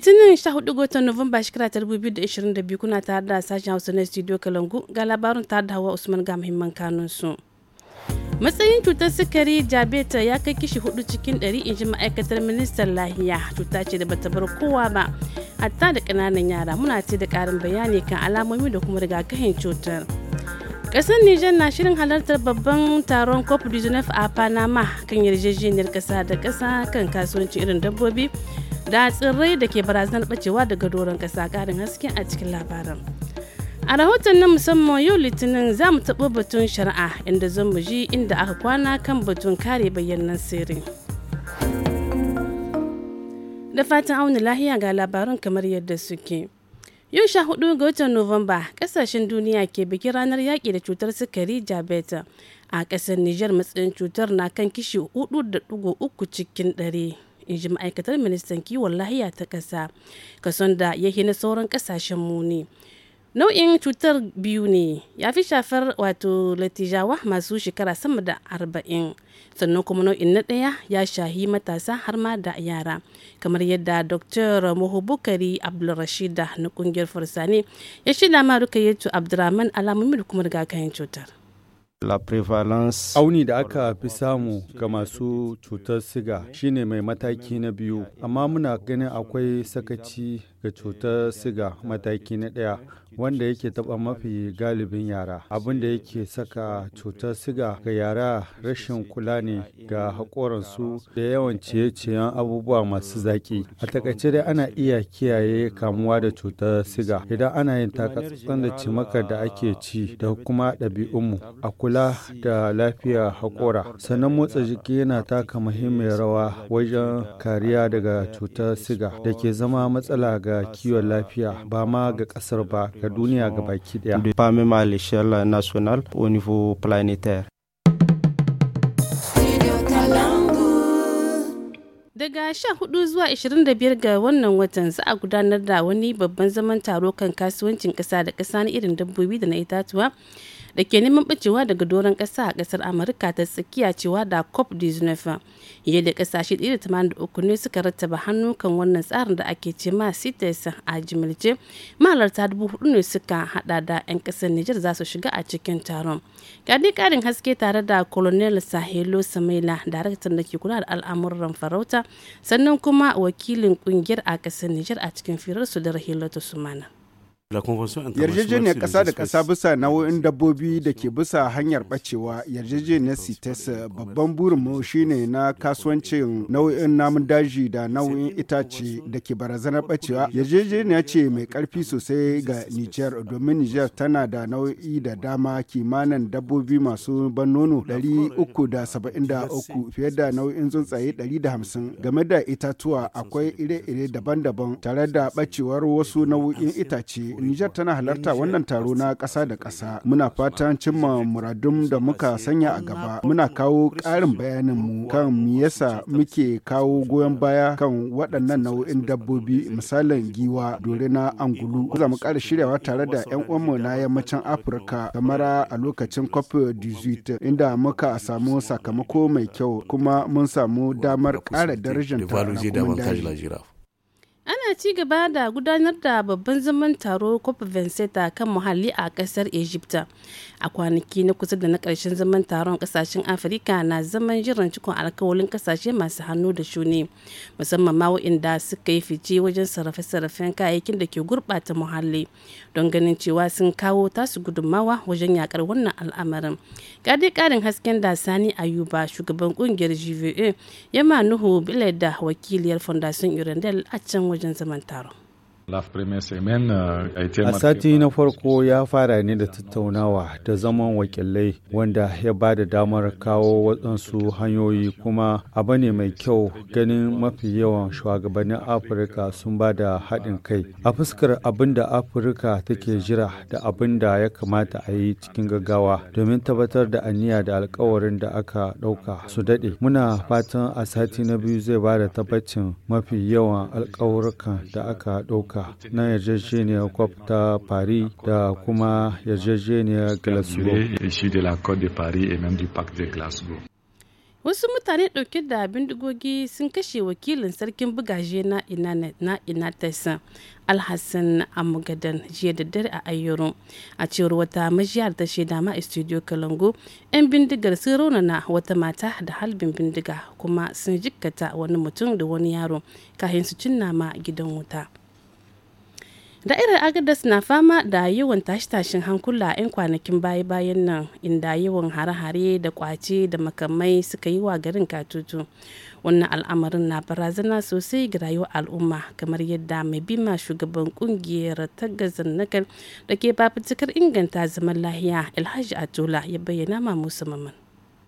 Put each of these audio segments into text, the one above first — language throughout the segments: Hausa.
litinin 14 ga watan nuwamba shekara ta 2022 kuna tare da sashen hausa na studio kalangu ga labarin tare da hawa usman ga muhimman kanunsu matsayin cutar sukari jabeta ya kai kishi hudu cikin 100 inji ma'aikatar ministan lahiya cuta ce da bata bar kowa ba hatta da kananan yara muna ce da karin bayani kan alamomi da kuma rigakafin cutar kasar Nijar na shirin halartar babban taron COP19 a Panama kan yarjejeniyar kasa da kasa kan kasuwanci irin dabbobi da tsirrai da ke barazanar bacewa daga doron kasa karin haske a cikin labarin a rahoton na musamman yau litinin za mu taɓa batun shari'a inda zan mu ji inda aka kwana kan batun kare bayyanan sirri da fatan auna lahiya ga labarun kamar yadda suke yau sha hudu ga watan nuwamba kasashen duniya ke bikin ranar yaƙi da cutar sukari jabeta a ƙasar niger matsayin cutar na kan kishi 4.3 da uku cikin ɗari. in ji ma'aikatar ministan kiwon lahiya ta ƙasa kason da ya na sauran ƙasashen muni nau'in cutar biyu ne ya fi shafar wato latijawa masu shekara sama da arba'in sannan kuma nau'in na ɗaya ya shahi matasa har ma da yara kamar yadda dr mahubukari abdulrashida na ƙungiyar farsani ya shida ma rukayyatu abdulrahman alamomi da kuma rigakayin cutar La prevalence Auni da aka fi samu ga masu cutar siga shine mai mataki na biyu, amma muna ganin akwai sakaci ga cutar siga mataki na ɗaya wanda yake taba mafi galibin yara abin da yake saka cutar siga ga yara rashin kula ne ga haƙoransu da yawan ciye-ciyen abubuwa masu zaƙi a takaice dai ana iya kiyaye kamuwa da cutar siga idan ana yin takatsan da cimakar da ake ci da kuma ɗabi'unmu a kula da lafiya haƙora sannan motsa jiki yana taka muhimmiyar rawa wajen kariya daga cutar siga da ke zama matsala ga kiwon lafiya ba ma ga ƙasar ba ga duniya gabaki daya. Famim à l'échelle nationale au niveau planétaire. Daga sha hudu zuwa 25 ga wannan watan za a gudanar da wani babban zaman taro kan kasuwancin ƙasa da ƙasa na irin dabbobi da na itatuwa da ke neman bacewa daga doron ƙasa a ƙasar amurka ta tsakiya cewa da cop 19 fiye da ƙasashe 183 ne suka rattaba hannu kan wannan tsarin da ake ce ma cites a jimilce mahalarta dubu hudu ne suka hada da 'yan ƙasar nijar za su shiga a cikin taron kadi ƙarin haske tare da colonel sahelo samaila daraktan da ke kula da al'amuran farauta sannan kuma wakilin ƙungiyar a ƙasar nijar a cikin firar su da rahilatu sumana yarjejeniyar ƙasa da ƙasa bisa nau'in dabbobi da ke bisa hanyar ɓacewa yarjejeniyar cites babban burinmu shine na kasuwancin nau'in namun daji da nau'in itace da ke barazanar ɓacewa yarjejeniya ce mai ƙarfi sosai ga nijar domin nijar tana da nau'i da dama kimanin dabbobi masu ban nono 373 fiye da nau'in tsuntsaye 150 game da itatuwa akwai ire-ire daban-daban tare da ɓacewar wasu nau'in itace Nijar tana halarta wannan taro na ƙasa da ƙasa. Muna fatan cimma muradun da muka sanya a gaba. Muna kawo ƙarin bayaninmu kan me yasa muke kawo goyon baya kan waɗannan nau'in dabbobi misalin giwa, na angulu. Za mu ƙara shiryawa tare da 'yan uwanmu na yammacin Afirka kamar a lokacin COP18 inda muka samu sakamako mai kyau kuma mun samu damar ƙara darajar ta ci gaba da gudanar da babban zaman taro COP Venceta kan muhalli a kasar Egypta. A kwanaki na kusa da na karshen zaman taron ƙasashen Afirka na zaman jiran cikon alkawalin ƙasashe masu hannu da shuni, musamman ma inda suka yi fice wajen sarrafe-sarrafen kayayyakin da ke gurɓata muhalli don ganin cewa sun kawo tasu gudummawa wajen yakar wannan al'amarin. Ga dai ƙarin hasken da Sani Ayuba shugaban ƙungiyar GVA Yama Nuhu Bile da wakiliyar Fondation Irandel a can wajen zaman zaman Uh, a sati na farko ya fara ne da tattaunawa da zaman wakilai wanda ya ba da damar kawo waɗansu hanyoyi kuma abu ne mai kyau ganin mafi yawan shugabannin Afirka sun ba da haɗin kai. A fuskar abin da Afirka take jira da abin da ya kamata a yi cikin gaggawa domin tabbatar da aniya da alkawarin da aka ɗauka su daɗe. Muna fatan a sati na biyu zai ba da tabbacin mafi yawan alkawurkan da aka ɗauka ɗauka na yarjejeniyar COP ta Paris da kuma yarjejeniyar Glasgow. Wasu mutane ɗauke da bindigogi sun kashe wakilin sarkin bugaje na ina Alhassan Amugadan jiya da dare a Ayyoro. A cewar wata majiyar ta shaida ma studio Kalango, 'yan bindigar sun raunana wata mata da halbin bindiga kuma sun jikkata wani mutum da wani yaro kahin su cinna ma gidan wuta. da'irar agadas na fama da yawan tashi-tashin hankula 'yan kwanakin baya-bayan nan inda yawan hare-hare da kwace da makamai suka yi wa garin katutu wannan al'amarin na barazana sosai ga rayuwar al'umma kamar yadda mai bima shugaban kungiyar tagazin nakar da ke fafutukar inganta zaman lahiya alhaji atola ya bayyana ma musamman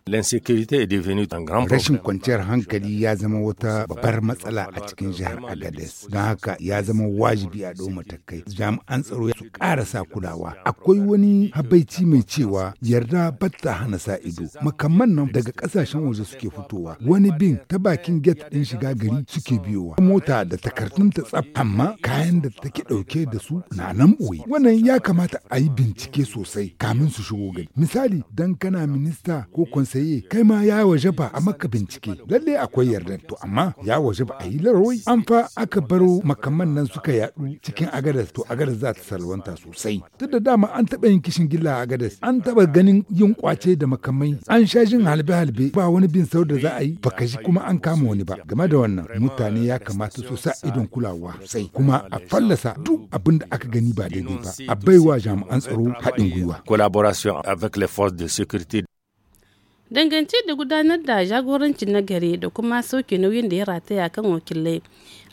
Rashin kwanciyar hankali ya zama wata babbar matsala a cikin jihar Agadez. Don haka ya zama wajibi a ɗau matakai. Jami'an tsaro su sa kulawa. Akwai wani habaici mai cewa yarda batta hana sa ido. Makamman nan daga ƙasashen waje suke fitowa. Wani bin ta bakin get ɗin shiga gari suke biyowa. Mota da takardun ta tsaf amma kayan da take ɗauke da su na nan ɓoye. Wannan ya kamata a yi bincike sosai kamin su shigo gari. Misali dan kana minista ko kwan saye kai ma ya waje ba a maka bincike lalle akwai yardar to amma ya waje ba a yi laroi an fa aka baro makaman nan suka yadu cikin agadas to agadas za ta salwanta sosai duk da dama an taɓa yin kishin gilla a agadas an taba ganin yin kwace da makamai an sha jin halbe-halbe ba wani bin sau da za a yi baka ji kuma an kama wani ba game da wannan mutane ya kamata su sa idon kulawa sosai kuma a fallasa duk abin da aka gani ba daidai ba a baiwa jami'an tsaro haɗin gwiwa collaboration avec les forces de sécurité dangance da gudanar da jagoranci nagari da kuma sauke nauyin da ya rataya kan wakilai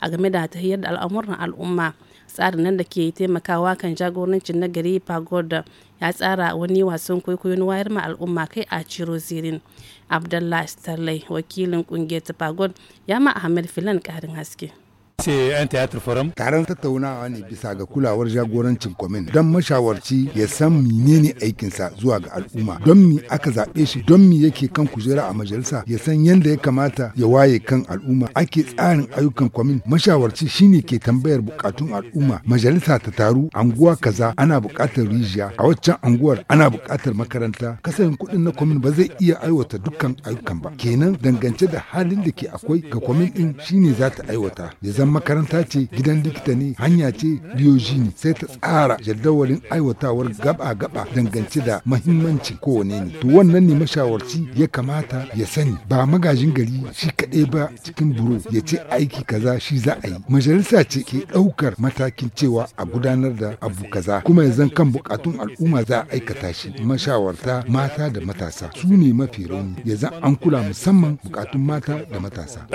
a game da tahiyar da al'amuran al'umma tsarin nan da ke taimakawa kan jagorancin nagari gari pagoda ya tsara wani wasan kwaikwayon wayar ma al'umma kai a ciro zirin abdallah starley wakilin kungiyar ta pagod ya ma ahmed filan karin haske sai yan tiyatar forum taron tattaunawa ne bisa ga kulawar jagorancin kwamin don mashawarci ya san menene aikinsa zuwa ga al'umma don mi aka zaɓe shi don mi yake kan kujera a majalisa ya san yadda ya kamata ya waye kan al'umma ake tsarin ayyukan kwamin mashawarci shine ke tambayar bukatun al'umma majalisa ta taru anguwa kaza ana bukatar rijiya a waccan anguwar ana bukatar makaranta kasayin kuɗin na kwamin ba zai iya aiwata dukkan ayyukan ba kenan dangance da halin da ke akwai ga kwamin din shine za ta aiwata ya zama makaranta ce gidan likita ne hanya ce biyoji ne sai ta tsara jadawalin aiwatawar gaba-gaba dangance da mahimmancin kowane ne to wannan ne mashawarci ya kamata ya sani ba magajin gari shi kaɗai ba cikin buro ya ce aiki kaza shi za a yi majalisa ce ke ɗaukar matakin cewa a gudanar da abu kaza kuma ya zan kan bukatun al'umma za a aikata shi mashawarta mata da matasa su ne mafi rauni ya zan an kula musamman bukatun mata da matasa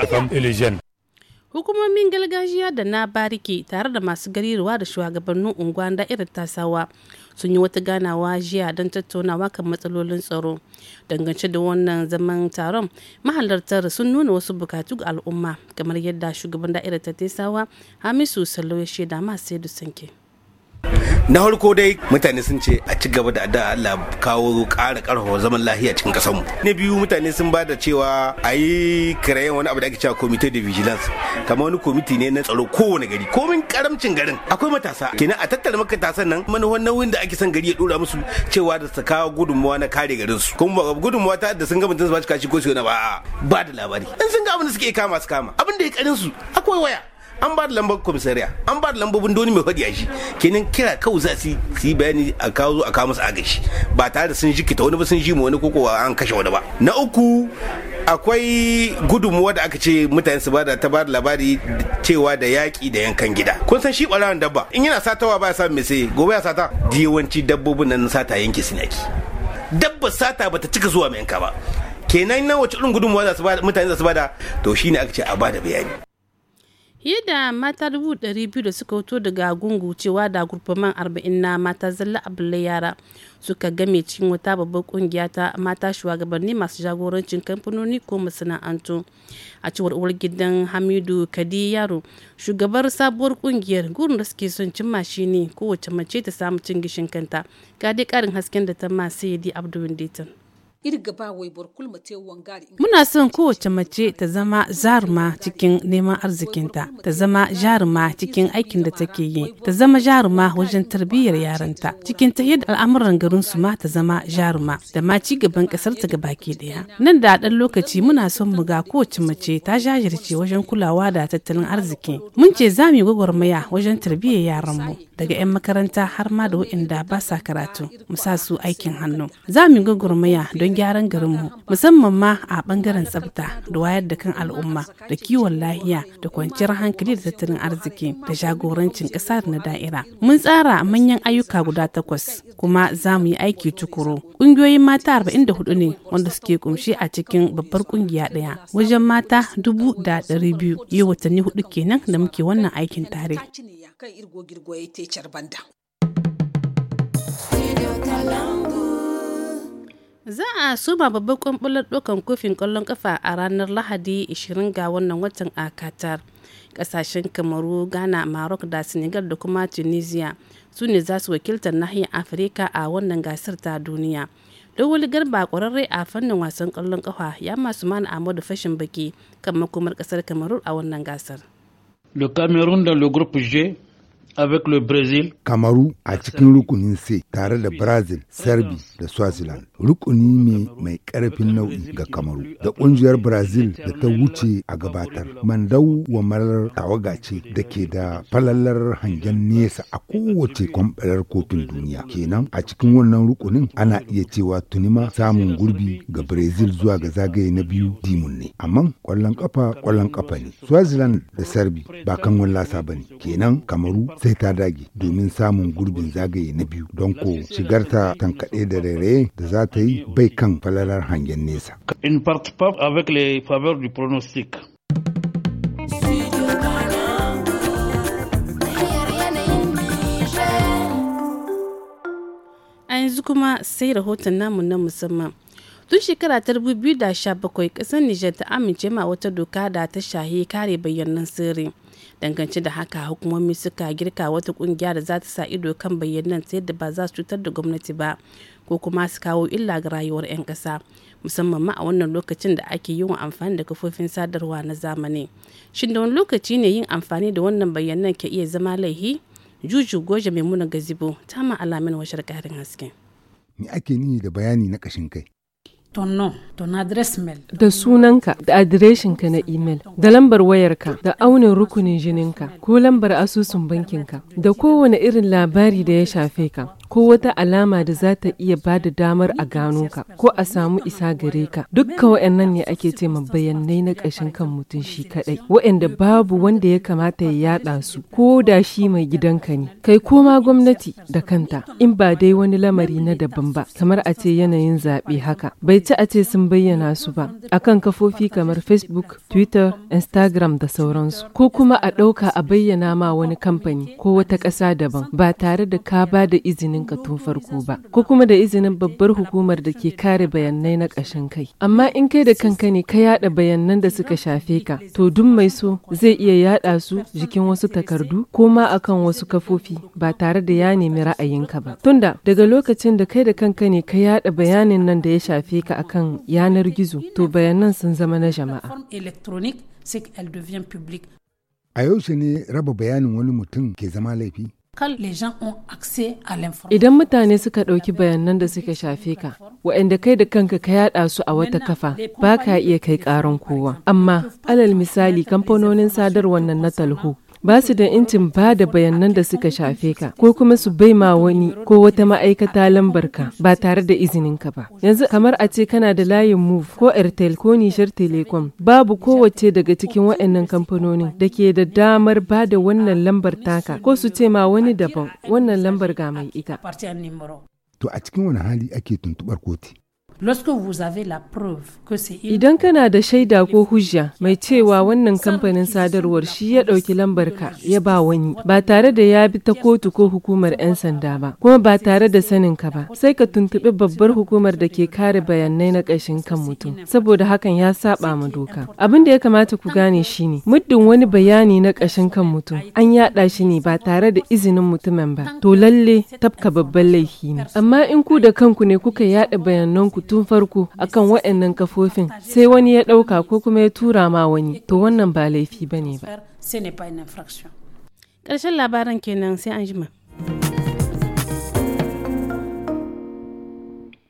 hukumomin gargajiya da na bariki tare da masu garirwa da shugabannin unguwa da irin tasawa sun yi wata ganawa jiya don tattaunawa kan matsalolin tsaro dangance da wannan zaman taron mahalartar sun nuna wasu bukatu ga al'umma kamar yadda shugaban da'irar ta tesawa hamisu salo ya shaida masu sai sanke. na farko dai mutane sun ce a ci gaba da addu'a Allah kawo ƙara karfa zaman lafiya cikin ƙasarmu na biyu mutane sun ba da cewa a yi kirayen wani abu da ake cewa committee de vigilance kamar wani komiti ne na tsaro kowane gari komin karamcin garin akwai matasa kenan a tattara matasan nan manufan nauyin da ake son gari ya dora musu cewa da su kawo gudunmuwa na kare garin su kuma gudunmuwa ta da sun ga mutum su ba shi kashi ko su ba ba da labari in sun ga abin da suke kama su kama abin da ya karin su akwai waya an ba da lambar komisariya an ba da lambobin doni mai faɗi a shi kenan kira kawai za su yi bayani a kawo a kawo musu agashi ba tare da sun jikita wani ba sun ji wani koko an kashe wani ba na uku akwai gudunmuwa da aka ce mutane su bada ta bada labari cewa da yaƙi da yankan gida kun san shi ɓarawan dabba in yana satawa ba ya samu mese sai gobe ya sata yawanci dabbobin nan sata yanke sinaki dabba sata bata cika zuwa mai yanka ba kenan na wace irin gudunmuwa za su bada mutane za su bada to shine aka ce a bada bayani fiye da mata 200 da suka fito daga gungu cewa da gurfaman 40 na mata zalla abulai yara suka game cikin wata babbar kungiya ta mata shugabanni masu jagorancin kamfanoni ko masana'antu a cewar uwar gidan hamidu kadi yaro shugabar sabuwar kungiyar gurin da suke son cimma shi ne kowace mace ta samu cin gishin kanta ga dai karin hasken da ta masu yadi abdul irga ba wai wangari muna son kowace mace ta zama zaruma cikin neman arzikinta ta zama jaruma cikin aikin da take yi ta zama jaruma wajen tarbiyyar yaranta cikin ta yadda al'amuran garin su ma ta zama jaruma da ma ci gaban kasar ta gabaki daya nan da dan lokaci muna son mu ga kowace mace ta jajirce wajen kulawa da tattalin arziki mun ce za mu yi gwagwarmaya wajen tarbiyyar yaranmu daga 'yan makaranta har ma da waɗanda ba sa karatu mu sa su aikin hannu za mu yi gwagwarmaya don gyaran garinmu musamman ma a bangaren tsafta da wayar da kan al'umma da kiwon lahiya da kwanciyar hankali da tattalin arziki da jagorancin ƙasa na da'ira. Mun tsara manyan ayyuka guda takwas kuma za mu yi aiki tukuru. Ƙungiyoyin mata arba'in da hudu ne wanda suke kumshi a cikin babbar ƙungiya ɗaya wajen mata dubu da ɗari biyu yi watanni hudu kenan da muke wannan aikin tare. kan irgo-girgo ya ce banda. Za a soma babban kwambular ɗaukan kofin ƙwallon ƙafa a ranar Lahadi 20 ga wannan watan a Qatar. Ƙasashen Kamaru, Ghana, Maroc da Senegal da kuma Tunisia su ne za su wakiltar nahiyar Afirka a wannan gasar ta duniya. wani Garba ƙwararre a fannin wasan kwallon ƙafa ya masu mana a Ahmadu fashin baki kan makomar ƙasar Kamaru a wannan gasar. Le Cameroun dans le groupe G Brésil. Kamaru a cikin rukunin C tare da Brazil, Serbi da Swaziland. Rukuni ne mai ƙarfin nau'i ga Kamaru da ƙungiyar Brazil da ta wuce a gabatar. Mandau wa marar tawaga ce da ke da falalar hangen nesa a kowace kwamfarar kofin duniya. Kenan a cikin wannan rukunin ana iya cewa tunima samun gurbi ga Brazil zuwa ga zagaye na biyu dimun ne. Amma ƙwallon ƙafa ƙwallon ƙafa ne. Swaziland da Serbi ba kan wallasa ba ne. Kenan Kamaru sai ta dage domin samun gurbin zagaye na biyu don ko shigarta tankaɗe da rairaye da za ta yi bai kan falalar hangen nesa. A yanzu kuma sai rahoton namu na musamman. tun shekara ta 2017 kasar Nijar ta amince ma wata doka da ta shahi kare bayyanan sirri dangance da haka hukumomi suka girka wata kungiya da za ta sa ido kan bayyanan ta da ba za su cutar da gwamnati ba ko kuma su kawo illa ga rayuwar 'yan ƙasa musamman ma a wannan lokacin da ake yin amfani da kafofin sadarwa na zamani shin da wani lokaci ne yin amfani da wannan bayyanan ke iya zama laihi juju goje muna gazibo ta ma alamin washar ƙarin haske. ni ake nini da bayani na kashin kai to na address mail da sunanka da adireshinka na email da lambar wayarka da aunin rukunin jininka ko lambar asusun bankinka da kowane irin labari da ya shafe ka ko wata alama da za ta iya ba da damar a gano ka ko a samu isa gare ka dukkan waɗannan ne ake ce ma bayanai na ƙashin kan mutum shi kaɗai waɗanda babu wanda ya kamata ya yaɗa su ko da shi mai gidanka ne kai koma gwamnati da kanta in ba dai wani lamari na daban ba kamar a ce yanayin zaɓe haka bai ci a ce sun bayyana su ba akan kafofi kamar facebook twitter instagram da sauransu ko kuma a ɗauka a bayyana ma wani kamfani ko wata ƙasa daban ba tare da ka ba da izinin ka tun farko ba ko kuma da izinin babbar hukumar da ke kare bayanai na ƙashin kai amma in kai da kanka ne ka yada bayanan da suka shafe ka to duk mai so zai iya yada su jikin wasu takardu ko ma akan wasu kafofi ba tare da ya nemi ra'ayinka ba tunda daga lokacin da kai da kanka ne ka yada bayanin nan da ya shafe ka akan yanar gizo to bayanan sun zama na jama'a A yaushe ne raba bayanin wani mutum ke zama laifi? Idan mutane suka ɗauki bayanan da suka shafe ka, waɗanda kai da kanka ka yaɗa su a wata kafa, ba ka iya kai ƙaran kowa. Amma, alal misali kamfanonin sadarwar nan na talho ba su da incin ba da bayanan da suka shafe ka ko kuma su bai ma wani ko wata ma'aikata lambar ka ba tare da izinin ka ba yanzu kamar a ce kana da layin move ko airtel ko nishar telecom babu kowace daga cikin waɗannan kamfanonin da ke da damar ba da wannan lambar taka ko su ce ma wani daban wannan lambar ga mai ita to a cikin wani hali ake tuntubar kotu Idan kana da shaida ko hujja mai cewa wannan kamfanin sadarwar shi ya ɗauki ka ya ba wani ba tare da ya bi ta kotu ko hukumar 'yan sanda ba kuma ba tare da saninka ba sai ka tuntuɓi babbar hukumar da ke kare bayanai na ƙashin kan mutum saboda hakan ya saɓa ma doka. Abin da ya kamata ku gane shi ne. muddin wani bayani na ƙashin kan mutum an yaɗa shi ne ba tare da izinin mutumin ba to lalle tafka babban laifi ne amma in ku da kanku ne kuka yaɗa bayananku tun farko akan waɗannan kafofin sai wani ya ɗauka ko kuma ya tura ma wani to wannan ba laifi ba ne ba. Ƙarshen labaran kenan sai an jima.